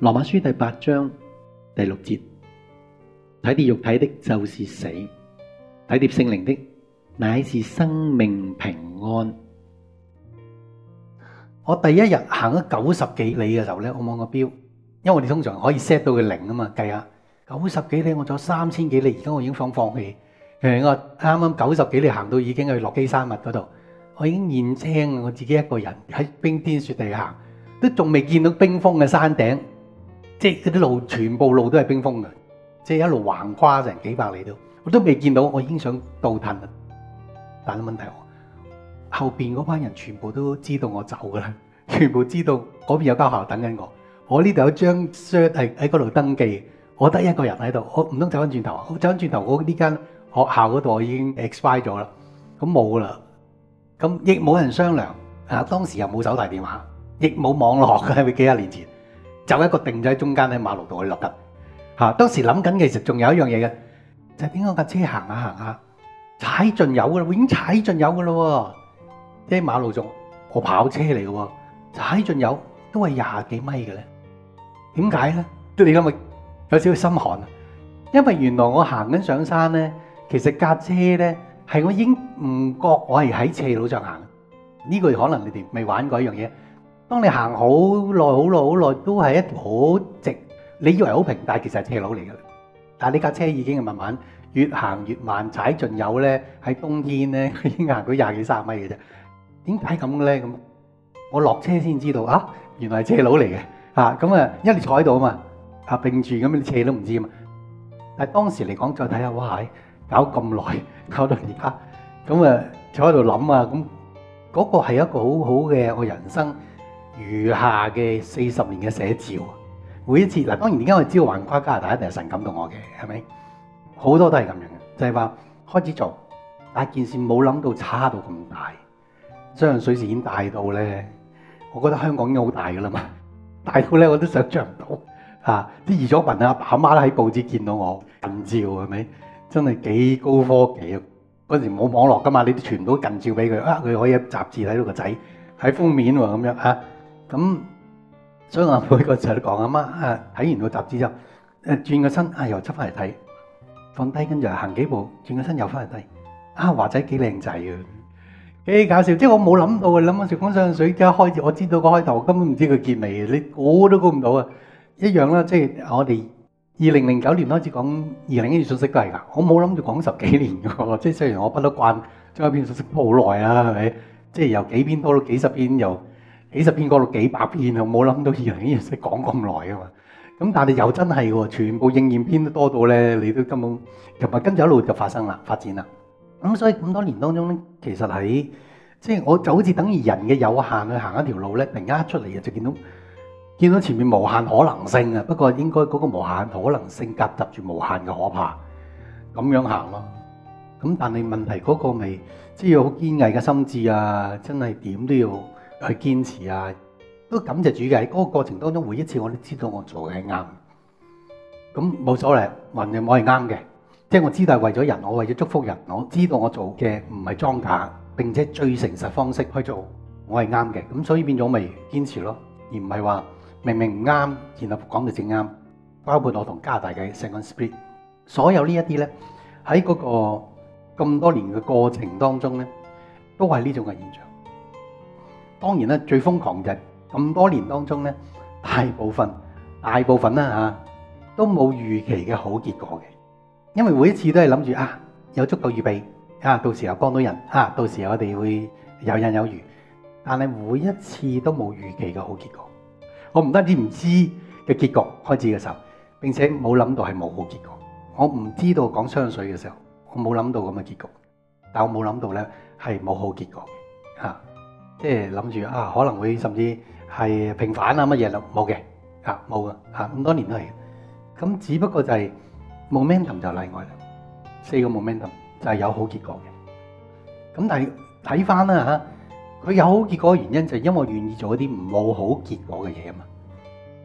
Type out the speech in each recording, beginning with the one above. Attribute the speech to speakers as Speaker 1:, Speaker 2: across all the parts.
Speaker 1: 羅馬書第八章第六節：體貼肉體的就是死，體貼聖靈的乃是生命平安。我第一日行咗九十幾里嘅時候呢，我望個表，因為我哋通常可以 set 到佢零啊嘛計下，九十幾里我走咗三千幾里，而家我已經放放棄。我啱啱九十幾里行到已經去洛基山脈嗰度，我已經厭青啊！我自己一個人喺冰天雪地下，都仲未見到冰封嘅山頂。即係啲路，全部路都係冰封嘅，即係一路橫跨成幾百里都，我都未見到，我已經想倒騰啦。但係問題我，後邊嗰班人全部都知道我走㗎啦，全部知道嗰邊有間學校等緊我。我呢度有張 cert 係喺嗰度登記，我得一個人喺度，我唔通走翻轉頭？我走翻轉頭，我呢間學校嗰度我已經 expire 咗啦，咁冇啦，咁亦冇人商量。啊，當時又冇手提電話，亦冇網絡嘅，係咪幾廿年前？就一個定仔中間喺馬路度去落吉。嚇！當時諗緊其實仲有一樣嘢嘅，就係點解架車行下行下，踩盡油噶啦，我已經踩盡油噶咯喎，即係馬路仲我跑車嚟嘅喎，踩盡油都係廿幾米嘅咧，呢點解咧？對你咁咪有少少心寒啊？因為原來我行緊上山咧，其實架車咧係我已經唔覺我係喺斜路上行，呢個可能你哋未玩過一樣嘢。當你行好耐、好耐、好耐，都係一條好直，你以為好平，但係其實係斜路嚟嘅。但係呢架車已經係慢慢越行越慢，踩盡油咧，喺冬天咧已經行到廿幾三十米嘅啫。點解咁嘅咧？咁我落車先知道啊，原來係斜路嚟嘅嚇。咁啊，因為你坐喺度啊嘛，啊並住咁，你斜都唔知啊嘛。但係當時嚟講，再睇下哇，搞咁耐，搞到而家咁啊，坐喺度諗啊，咁嗰個係一個好好嘅我人生。餘下嘅四十年嘅寫照，每一次嗱，當然而家我知道橫跨加拿大一定係神感動我嘅，係咪？好多都係咁樣嘅，就係話開始做，但件事冇諗到差到咁大，雙向水線已經大到咧，我覺得香港已經好大㗎啦嘛，大到咧我都想象唔到啊！啲移咗品啊，阿爸阿媽都喺報紙見到我近照係咪？真係幾高科技啊！嗰時冇網絡㗎嘛，你都傳唔到近照俾佢啊！佢可以喺雜誌睇到個仔喺封面喎，咁樣啊！啊。咁所以我每個時候都講阿媽，媽啊睇完個雜誌之後，誒、啊、轉個身啊又出翻嚟睇，放低跟住行幾步，轉個身又翻嚟睇。啊華仔幾靚仔嘅，幾搞笑！即係我冇諗到嘅，諗阿雪公上水一開始，我知道個開頭，根本唔知佢結尾。你估都估唔到啊！一樣啦，即係我哋二零零九年開始講二零篇信息都係㗎，我冇諗住講十幾年嘅喎。即係雖然我畢得慣將一篇信息鋪好耐啊，係咪？即係由幾篇鋪到幾十篇又。幾十篇過到幾百篇，我冇諗到呢樣嘢識講咁耐啊嘛。咁但係又真係喎，全部應驗篇都多到咧，你都根本琴日跟住一路就發生啦、發展啦。咁所以咁多年當中咧，其實喺即係我就好似等於人嘅有限去行一條路咧，突然間一出嚟就見到見到前面無限可能性啊。不過應該嗰個無限可能性夾雜住無限嘅可怕咁樣行咯。咁但係問題嗰個咪即係要好堅毅嘅心志啊，真係點都要。去堅持啊，都感謝主嘅喺嗰個過程當中，每一次我都知道我做嘅係啱。咁冇所謂，運嘅我係啱嘅，即係我知道係為咗人，我為咗祝福人，我知道我做嘅唔係裝假，並且最誠實方式去做，我係啱嘅。咁所以變咗我咪堅持咯，而唔係話明明唔啱，然後講就正啱。包括我同加大嘅 Second Spirit，所有呢一啲咧，喺嗰個咁多年嘅過程當中咧，都係呢種嘅現象。當然咧，最瘋狂嘅咁多年當中咧，大部分、大部分啦嚇、啊，都冇預期嘅好結果嘅。因為每一次都係諗住啊，有足夠預備啊，到時候幫到人啊，到時候我哋會有刃有餘。但係每一次都冇預期嘅好結果。我唔得止唔單止唔知嘅結局開始嘅時候，並且冇諗到係冇好結果。我唔知道講香水嘅時候，我冇諗到咁嘅結局。但我冇諗到呢係冇好結果嘅嚇。啊.即係諗住啊，可能會甚至係平反啊，乜嘢，冇嘅啊，冇嘅啊，咁多年都係咁，只不過就係 momentum 就例外啦。四個 momentum 就係有好結果嘅。咁但係睇翻啦嚇，佢有好結果嘅原因就係因為願意做一啲冇好結果嘅嘢啊嘛。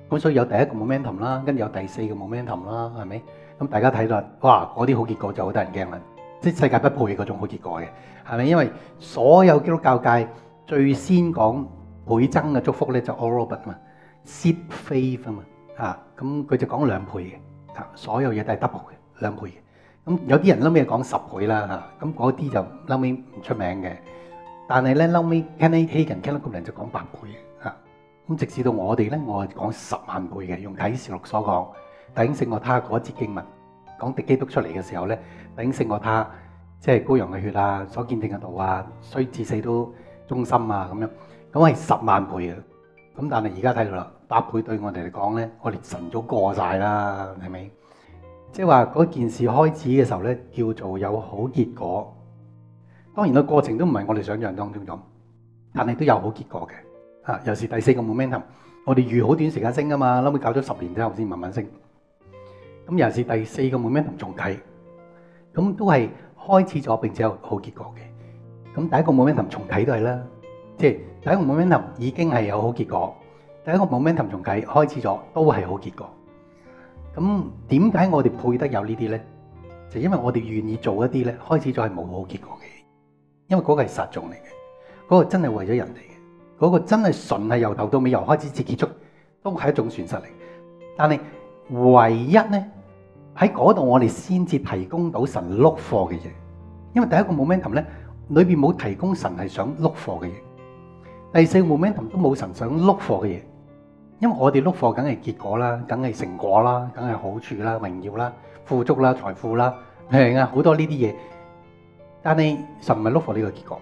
Speaker 1: 咁所以有第一個 momentum 啦，跟住有第四個 momentum 啦，係咪？咁大家睇到哇，嗰啲好結果就好得人驚啦，即係世界不配嗰種好結果嘅，係咪？因為所有基督教界。最先講倍增嘅祝福咧就 Oral Roberts 啊嘛，Seed Faith 啊嘛嚇，咁佢就講兩倍嘅，啊所有嘢都係 double 嘅兩倍嘅。咁有啲人撈尾講十倍啦嚇，咁嗰啲就撈尾唔出名嘅。但係咧撈尾 Kenneth Hagin Kenneth 就講八倍啊，咁直至到我哋咧，我係講十萬倍嘅。用啟示錄所講，弟兄勝過他，嗰節經文講敵基督出嚟嘅時候咧，弟兄勝過他即係羔羊嘅血啊，所見證嘅道啊，雖至死都。中心啊咁樣，咁係十萬倍啊！咁但係而家睇到啦，百倍對我哋嚟講咧，我哋神早過曬啦，係咪？即係話嗰件事開始嘅時候咧，叫做有好結果。當然個過程都唔係我哋想象當中咁，但係都有好結果嘅。啊，又是第四個 momentum，我哋預好短時間升噶嘛，諗住搞咗十年之後先慢慢升。咁又是第四個 momentum 重睇，咁都係開始咗並且有好結果嘅。咁第一個 momentum 重啟都係啦，即係第一個 momentum 已經係有好結果，第一個 momentum 重啟開始咗都係好結果。咁點解我哋配得有呢啲咧？就因為我哋願意做一啲咧，開始咗係冇好結果嘅嘢。因為嗰個係實眾嚟嘅，嗰個真係為咗人哋嘅，嗰個真係純係由頭到尾由開始至結束都係一種損失嚟。但係唯一咧喺嗰度我哋先至提供到神碌貨嘅嘢，因為第一個 momentum 咧。裏邊冇提供神係想碌貨嘅嘢，第四 moment 都、um, 冇神想碌貨嘅嘢，因為我哋碌貨梗係結果啦，梗係成果啦，梗係好處啦、榮耀啦、富足啦、財富啦，係啊，好多呢啲嘢。但係神唔係碌貨呢個結果，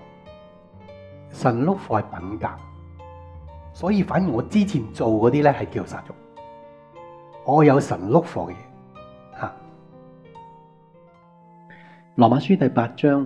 Speaker 1: 神碌貨係品格，所以反而我之前做嗰啲咧係叫做殺肉，我有神碌貨嘅嘢，吓、啊。羅馬書第八章。